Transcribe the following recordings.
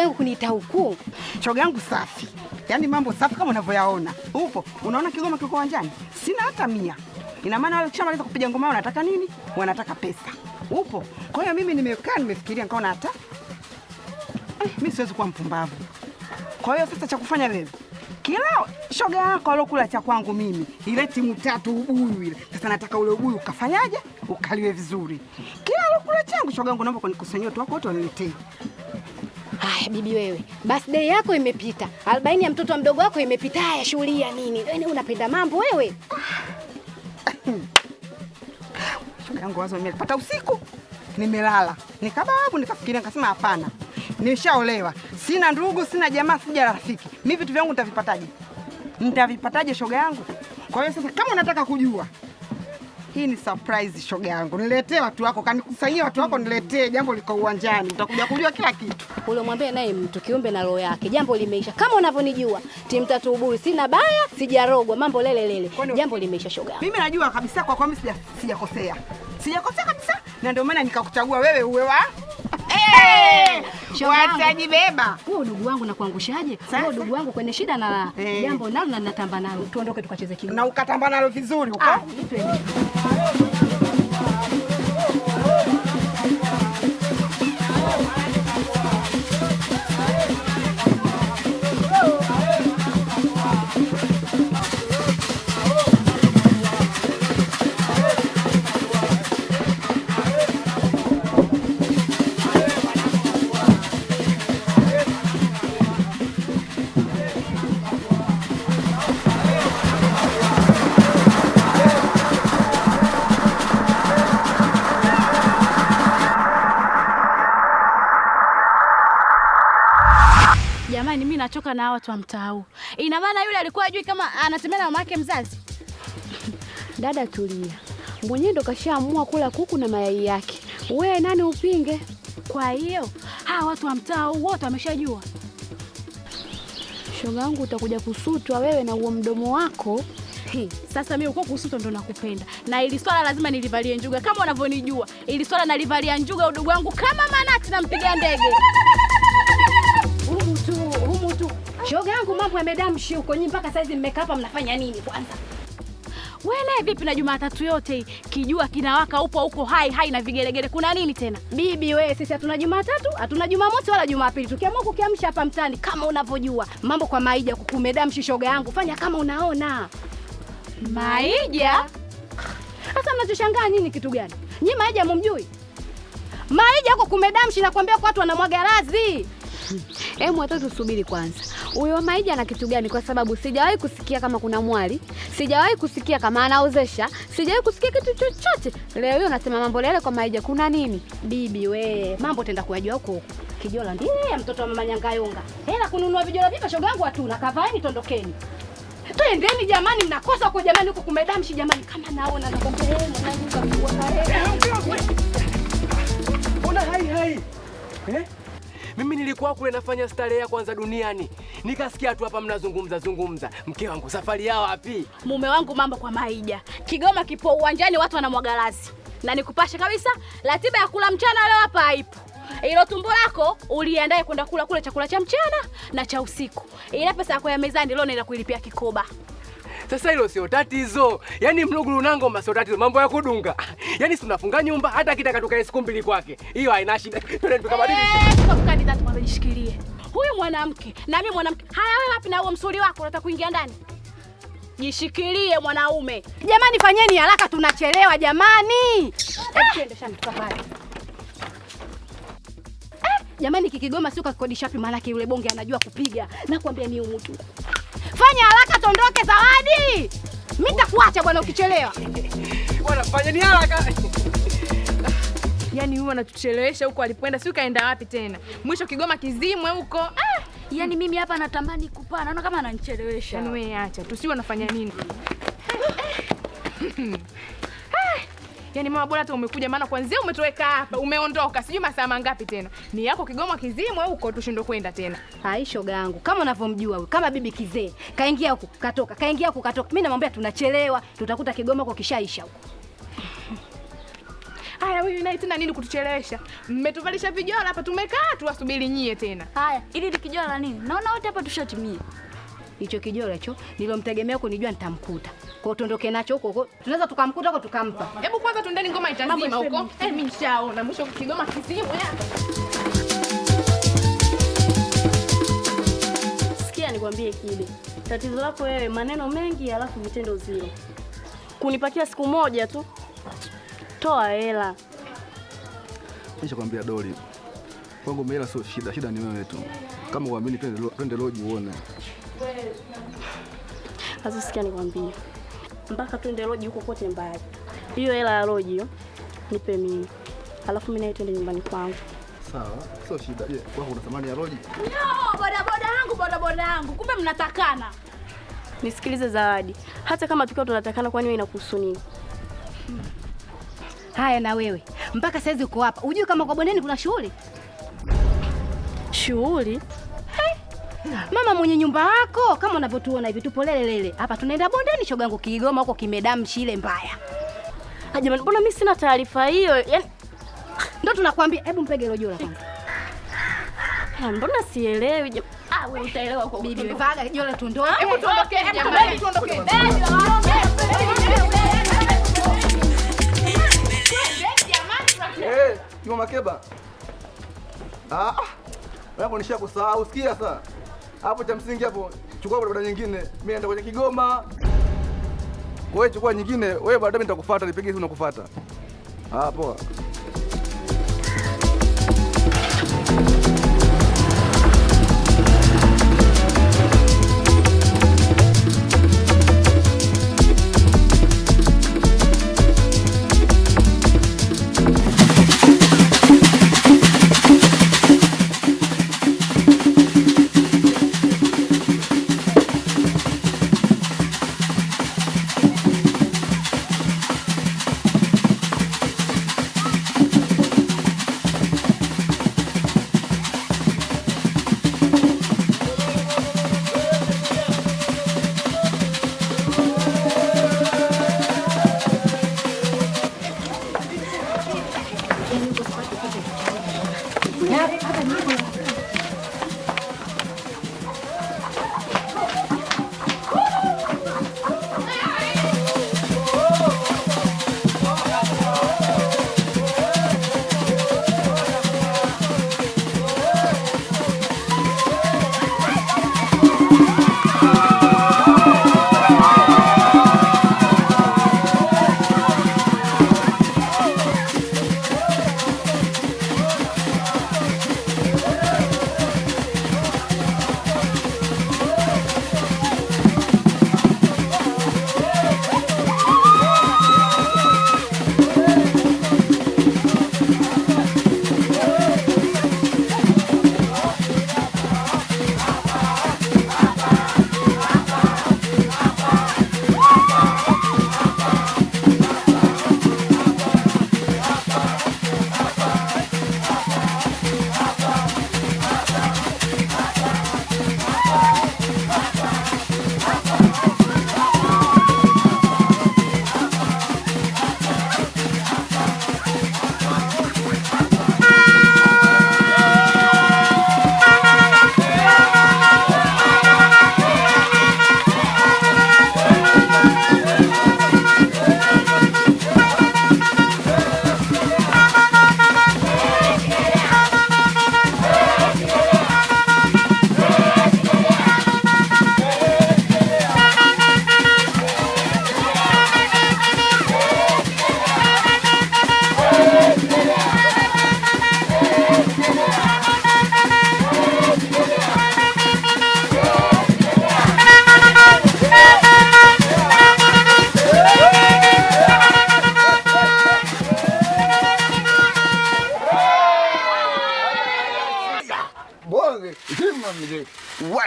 shoga yangu kuniita huku. Shoga yangu safi, yaani mambo safi kama unavyoyaona. Upo unaona kigoma kiko wanjani, sina hata mia. Ina maana wale kishamaliza kupiga ngoma wanataka nini? Wanataka pesa. Upo. Kwa hiyo mimi nimekaa nimefikiria, nikaona hata eh, mimi siwezi kuwa mpumbavu. Kwa hiyo sasa cha kufanya wewe kila shoga yako alokula cha kwangu mimi ile timu tatu ubuyu ile. Sasa nataka ule ubuyu ukafanyaje, ukaliwe vizuri. Kila alokula changu shoga yangu, naomba kunikusanyia watu wako wote waniletee. Haya bibi wewe, birthday yako imepita, arobaini ya mtoto mdogo wako imepita. Haya shughuli ya nini? Wewe unapenda mambo wewe. Shughuli yangu wazo nimepata usiku, nimelala nikababu, nikafikiria nikasema, hapana, nimeshaolewa sina ndugu, sina jamaa, sija rafiki, mi vitu vyangu nitavipataje? Nitavipataje shoga yangu? Kwa hiyo sasa, kama unataka kujua hii ni surprise shoga yangu, niletee watu wako, kanikusanyia watu wako, niletee jambo liko uwanjani, utakuja kujua kila kitu. Uliomwambia naye mtu kiumbe na roho yake, jambo limeisha. Kama unavyonijua timtatubui, sina baya, sijarogwa, mambo lelelele, jambo limeisha shoga yangu. Mimi najua kabisa kwa kwa sijakosea, sijakosea kabisa, na ndio maana nikakuchagua wewe uwe wa hey! beba. Huo dugu wangu na kuangushaje? Huo dugu wangu kwenye shida na eh. jambo nalo na natamba nalo, tuondoke tukacheze kinu na ukatamba nalo vizuri uka ametoka na watu wa mtaa huu. Ina maana yule alikuwa ajui kama anatembea na mama yake mzazi? Dada tulia, mwenyewe ndo kashaamua kula kuku na mayai yake, we nani upinge? Kwa hiyo hawa watu wa mtaa huu wote wameshajua. Shoga wangu, utakuja kusutwa wewe na uo mdomo wako. Hi, sasa mimi uko kusutwa ndo nakupenda, na ili swala lazima nilivalie njuga kama unavyonijua. Ili swala nalivalia njuga udugu wangu kama manati, nampiga ndege huku tu Shoga yangu mambo yamedamshi huko nyinyi, mpaka saizi mmekaa hapa mnafanya nini kwanza? Wewe vipi na Jumatatu yote hii? Kijua kinawaka upo huko hai hai na vigelegele. Kuna nini tena? Bibi wewe, sisi hatuna Jumatatu, hatuna Jumamosi wala Jumapili. Tukiamua kukiamsha hapa mtaani kama unavyojua. Mambo kwa Maija kukumedamshi shoga yangu. Fanya kama unaona. Maija? Sasa mnachoshangaa nini kitu gani? Nyi Maija mumjui? Maija huko kumedamshi nakwambia kwa watu wanamwaga razi. Hebu hata tusubiri kwanza huyo Maija ana kitu gani? Kwa sababu sijawahi kusikia kama kuna mwali, sijawahi kusikia kama anaozesha, sijawahi kusikia kitu chochote. Leo hiyo nasema mambo yale kwa Maija, kuna nini? Bibi we, mambo tenda kuyajua huko huko. Kijola ndiye eh, mtoto wa mama Nyangayonga, hela kununua vijola vipa, shoga yangu hatuna. Kavaeni tondokeni, twendeni jamani, mnakosa kwa jamani, huko kumedamshi jamani, kama naona naona eh, eh. hai hai eh mimi nilikuwa kule nafanya starehe ya kwanza duniani, nikasikia tu hapa mnazungumza zungumza. Mke wangu safari yao wapi? Mume wangu mambo kwa maija, Kigoma kipo uwanjani, watu wanamwaga lazi, na nikupashe kabisa, ratiba ya kula mchana leo hapa haipo. Ilo tumbo lako uliandae kwenda kula kule chakula cha mchana na cha usiku, ila pesa yako ya mezani leo naenda kuilipia kikoba. Sasa hilo sio tatizo. Yaani mluguru nango masio tatizo. Mambo ya kudunga. Yaani si tunafunga nyumba hata kitaka tukae siku mbili kwake. Hiyo haina shida. Twende tukabadilisha. Eh, Huyu mwanamke na mimi mwanamke. Haya wewe wapi na huo msuli wako unataka kuingia ndani? Jishikilie mwanaume. Jamani fanyeni haraka tunachelewa jamani. Twende shamba tukapale. Jamani kikigoma sio kakodishapi maana yake yule bonge anajua kupiga. Nakwambia ni umutu. Fanya haraka tondoke, Zawadi. Mimi nitakuacha bwana ukichelewa. Bwana ni haraka. Yaani huyu anatuchelewesha huko alipoenda, si ukaenda wapi tena? Mwisho Kigoma kizimwe eh, huko. Ah, yaani mimi hapa natamani kupaa. Naona kama ananichelewesha. Yaani wewe acha. Tusiwe nafanya nini? Eh, eh. Yaani mama, bora hata umekuja, maana kwanzia umetoweka hapa, umeondoka sijui masaa mangapi tena. Ni yako Kigoma kizimwe huko, tushindwe kwenda tena. Hai, shoga yangu, kama unavyomjua wewe, kama bibi kizee, kaingia huko katoka, kaingia huko katoka. Mimi namwambia tunachelewa, tutakuta Kigoma kwa kishaisha huko. Haya, wewe naye tena nini kutuchelewesha? Mmetuvalisha vijola hapa, tumekaa tuwasubiri nyie tena. Haya, ili likijora nini? Naona wote hapa tushatimia hicho kijora hicho nilomtegemea nijua nitamkuta. Kwa hiyo tuondoke nacho huko huko. Tunaweza tukamkuta huko tukampa. Hebu kwanza tuendeni ngoma itazima huko. Eh, mimi nishaona mwisho kigoma ya. Sikia nikwambie kile. Tatizo lako wewe maneno mengi alafu vitendo zero. Kunipatia siku moja tu. Toa hela. kwambia Dori. Kwangu hela sio shida, shida ni wewe tu. Kama uamini twende loji uone. Sasa sikia nikwambie, mpaka tuende loji huko kote mbali, hiyo hela ya loji nipe mimi, alafu mimi naye nyumbani kwangu. Sawa, sio shida. Je, kwako una thamani ya loji? No, bodaboda yangu, bodaboda yangu. Kumbe mnatakana. Nisikilize Zawadi, hata kama tukiwa tunatakana, kwani wewe inakuhusu nini? Haya, na wewe mpaka saizi uko hapa, hujui kama kwa bondeni kuna shughuli? Shughuli mama mwenye nyumba yako, kama unavyotuona hivi, tupo lele lele hapa, tunaenda bondeni shogangu, Kigoma huko kimedamshi shile mbaya. Ah, jamani, mbona mimi sina taarifa hiyo? Yaani ah, ndo tunakwambia, hebu mpege hilo jola kwanza. Ah, mbona sielewi jamani? Ah, wewe utaelewa kwa bibi. Vaga jola tu ndo. Hebu eh, tuondokeni jamani, tuondokeni. Eh, Juma Makeba. Ah, wewe unanisha kusahau, sikia sasa hapo cha msingi hapo, chukua barabara nyingine, mimi naenda kwenye Kigoma. Wewe chukua nyingine, wewe baadaye nitakufuata, nipige simu nakufuata. Ah, poa.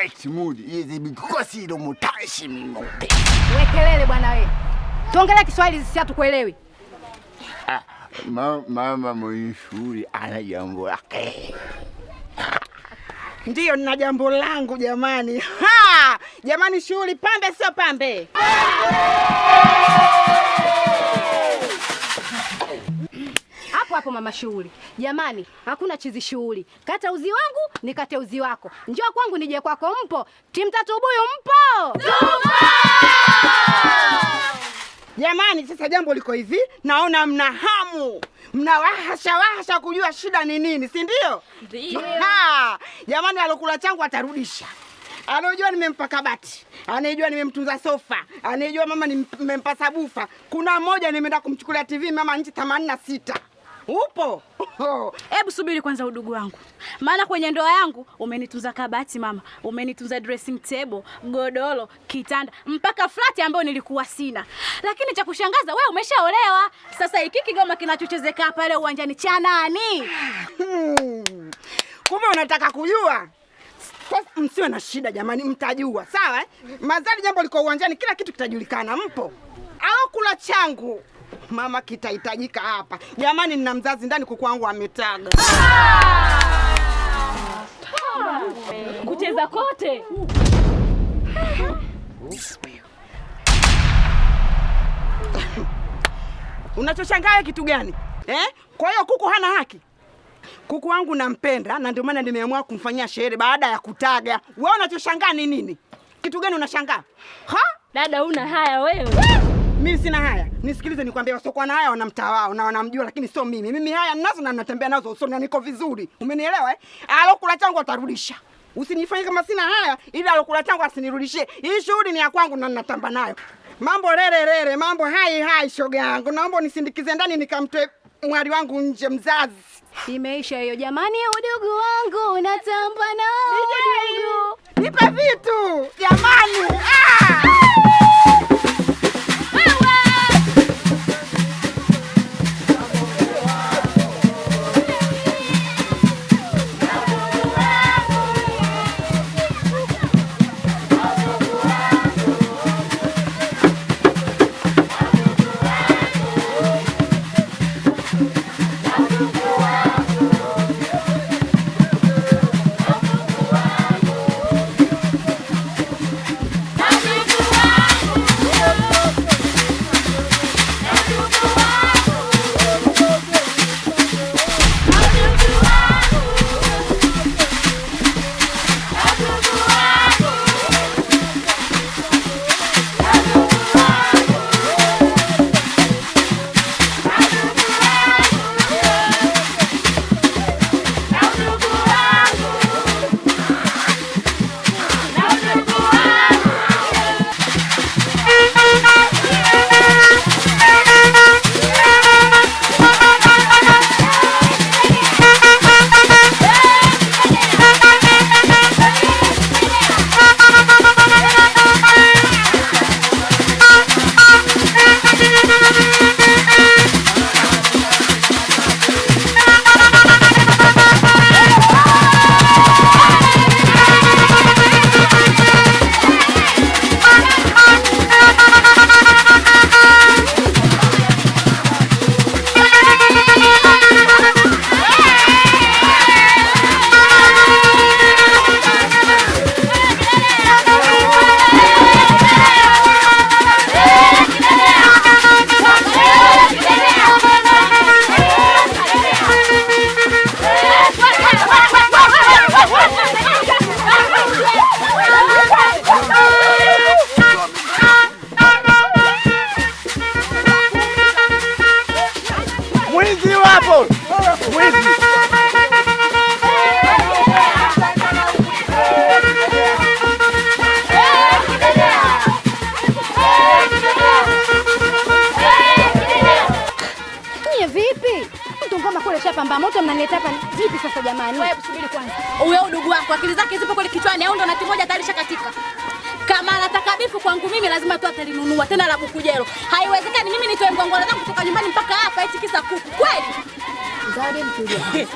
right mood. Yezibikukosilo mutashi minope. Wekelele bwana we. Tuongelee Kiswahili zisiatukuelewi. Ah, ma, mama mwenye ana jambo lake. Ndiyo, nina jambo langu jamani. Ha! Jamani, shughuli pambe sio pambe. yako hapo mama shughuli. Jamani, hakuna chizi shughuli. Kata uzi wangu nikate uzi wako, njoo kwangu nije kwako. Mpo tatu ubuyu mpo jamani. Sasa jambo liko hivi, naona mna hamu mna wahasha wahasha kujua shida ni nini, si ndio? Jamani, alokula changu atarudisha Anajua nimempa kabati, anajua nimemtunza sofa, anajua mama nimempa sabufa. Kuna mmoja nimeenda kumchukulia TV mama nchi themanini na sita upo? Hebu subiri kwanza, udugu wangu, maana kwenye ndoa yangu umenitunza kabati mama, umenitunza dressing table, godoro, kitanda, mpaka flati ambayo nilikuwa sina. Lakini cha kushangaza, wewe umeshaolewa. Sasa hiki kigoma kinachochezeka pale uwanjani cha nani? Hmm. Kumbe unataka kujua msiwe na shida jamani, mtajua sawa eh? Mazali jambo liko uwanjani, kila kitu kitajulikana. Mpo au kula changu mama kitahitajika hapa jamani. Nina mzazi ndani, kuku wangu ametaga kucheza kote. Unachoshangaa kitu gani eh? Kwa hiyo kuku hana haki? Kuku wangu nampenda, na ndio maana nimeamua kumfanyia sherehe baada ya kutaga. Wewe unachoshangaa ni nini? Kitu gani unashangaa? Ha? Dada, una haya wewe mimi sina haya, nisikilize nikwambie, wasiokuwa na haya wana mtaa wao na wanamjua, lakini sio mimi. Mimi haya ninazo na natembea nazo usoni na niko vizuri, umenielewa eh? Alokula changu atarudisha. Usinifanye kama sina haya, ili alokula changu asinirudishie. Hii shughuli ni ya kwangu na ninatamba nayo. Mambo rere rere, mambo hai hai. Shoga yangu, naomba nisindikize ndani nikamtoe mwali wangu nje. Mzazi, imeisha hiyo jamani. Udugu wangu natamba nao, nipe vitu jamani, ah! pamba moto, mnaniletea hapa vipi sasa jamani? Wewe subiri kwanza. Wewe udugu wako akili zake zipo kule kichwani au ndo na kimoja tayari shakatika. Kama anataka bifu kwangu mimi lazima tu atalinunua tena la bukujero. Haiwezekani mimi nitoe ngongoro zangu kutoka nyumbani mpaka hapa eti kisa kuku. Kweli? Zawadi mtulia.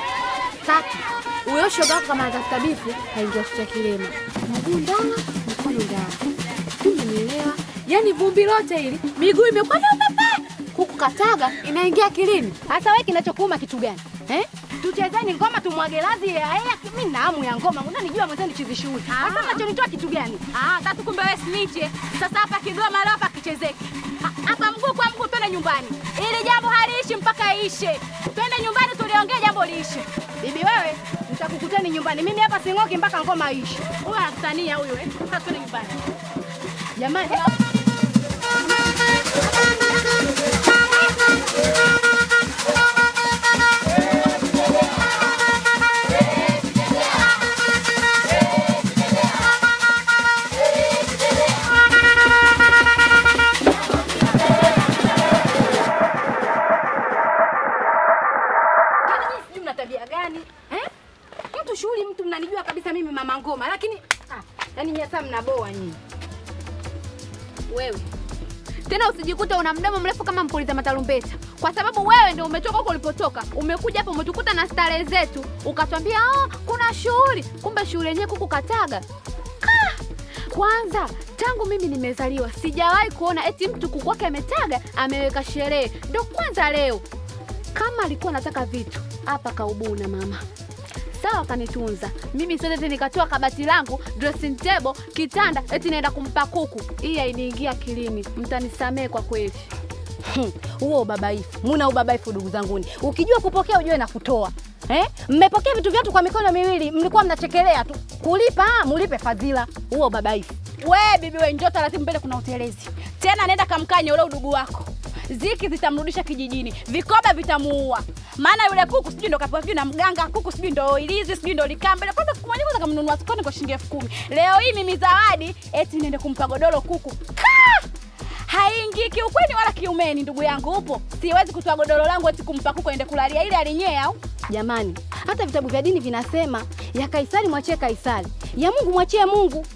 Tatu. Huyo shoga wako kama anatafuta bifu haingia kwa kilema. Mguu ndani, mkono ndani. Kumenielewa? Yaani vumbi lote hili, miguu imekuwa na kukataga inaingia kilini. Hasa wewe kinachokuuma kitu gani eh? Tuchezeni ngoma tumwage radhi ya yeye. Mimi na hamu ya ngoma, unanijua mwenzani chivishughuli. Ah. Hasa unachonitoa kitu gani? Ah, sasa kumbe wewe sniche. Sasa hapa kigoma leo hapa kichezeke. Hapa mguu kwa mguu twende nyumbani. Ili jambo haliishi mpaka ishe. Twende nyumbani tuliongea jambo liishe. Bibi wewe, nitakukutani nyumbani. Mimi hapa sing'oki mpaka ngoma ishe. Huyu anatania huyu eh. Sasa twende nyumbani. Jamani. tabia gani eh? Mtu shughuli, mtu mnanijua kabisa mimi mama ngoma, lakini ah, yani mnaboa nyinyi. Wewe tena usijikuta una mdomo mrefu kama mpuliza matarumbeta, kwa sababu wewe ndio umetoka huko ulipotoka, umekuja hapo umetukuta na starehe zetu, ukatwambia oh, kuna shughuli. Kumbe shughuli yenyewe kukukataga. Kwanza tangu mimi nimezaliwa sijawahi kuona eti mtu kukwake ametaga ameweka sherehe, ndo kwanza leo. Kama alikuwa anataka vitu hapa kaubuna mama. Sawa, kanitunza mimi, siwezi nikatoa kabati langu, dressing table, kitanda eti naenda kumpa kuku. Hii hainiingia kilini. Mtanisamee kwa kweli. Hmm, huo ubabaifu, muna ubabaifu ndugu zanguni. Ukijua kupokea ujue na kutoa eh? Mmepokea vitu vyetu kwa mikono miwili, mlikuwa mnachekelea tu kulipa, mulipe fadhila. Huo ubabaifu. We bibi we, njoo taratibu mbele, kuna utelezi tena. Nenda kamkanye ule udugu wako, ziki zitamrudisha kijijini, vikoba vitamuua maana yule kuku sijui ndo kapewa na mganga, kuku sijui ndo ilizi sijui ndo likamba. ile Kwanza kumwani kwanza kamnunua sokoni kwa shilingi elfu kumi. Leo hii mimi zawadi eti niende kumpa godoro kuku Ka! haingii kiukweni wala kiumeni. Ndugu yangu upo, siwezi kutoa godoro langu eti kumpa kuku aende kulalia ile alinyea au jamani. Hata vitabu vya dini vinasema ya Kaisari mwachie Kaisari, ya Mungu mwachie Mungu.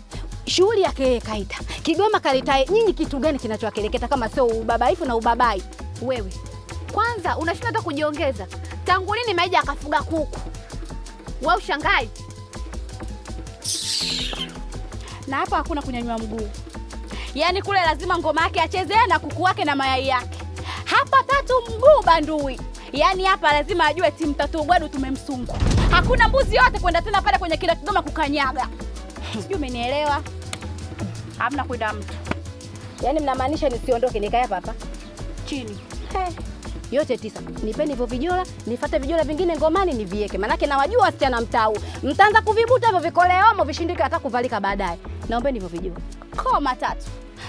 Shughuli yake yeye kaita, kigoma kalitae. Nyinyi kitu gani kinachowakeleketa kama sio ubabaifu na ubabai? Wewe kwanza unashinda hata kujiongeza, tangu lini Maija akafuga kuku? Wewe ushangai. Na hapa hakuna kunyanyua mguu, yaani kule lazima ngoma yake achezee na kuku wake na mayai yake. Hapa tatu mguu bandui, yaani hapa lazima ajue timu tatu ugwadu tumemsungu. Hakuna mbuzi yote kwenda tena pale kwenye kila Kigoma kukanyaga, hmm. sijui umenielewa? Hamna kwenda mtu, yaani mnamaanisha nisiondoke nikae hapa hapa chini? Hey yote tisa. Nipeni hivyo vijola, nifate vijola vingine ngomani nivieke, manake nawajua wasichana mtau, mtaanza kuvibuta hivyo vikoleomo vishindike hata kuvalika baadaye. Naombeni hivyo vijola koma tatu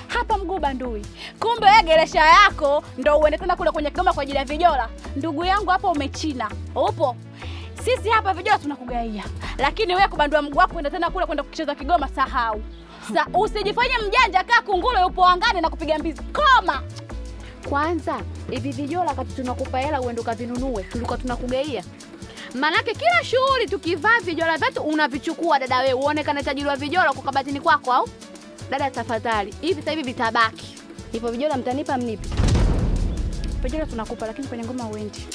hapa mguu bandui. Kumbe wewe geresha yako ndo uende tena kule kwenye kigoma kwa ajili ya vijola. Ndugu yangu hapo umechina, upo sisi hapa vijola tunakugaia, lakini wewe kubandua mguu wako uende tena kule kwenda kucheza kigoma, sahau. Sa usijifanye mjanja, kaa kungulo, upo angani na kupiga mbizi. Koma. Kwanza hivi vijola kati tunakupa hela uende ukavinunue, tulikuwa tunakugeia. Manake kila shughuli tukivaa vijola vyetu unavichukua dada, wewe uonekana tajiri wa vijola kwa kabatini kwako au? Dada tafadhali, hivi sasa hivi vitabaki hivyo vijola, mtanipa mnipi? Vijola tunakupa, lakini kwenye ngoma uendi.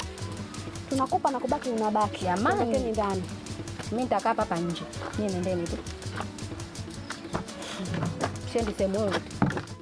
Tunakupa na kubaki unabaki. Jamani, ni ndani mimi nitakaa hapa nje, nendeni tu, sendi sehemu yoyote.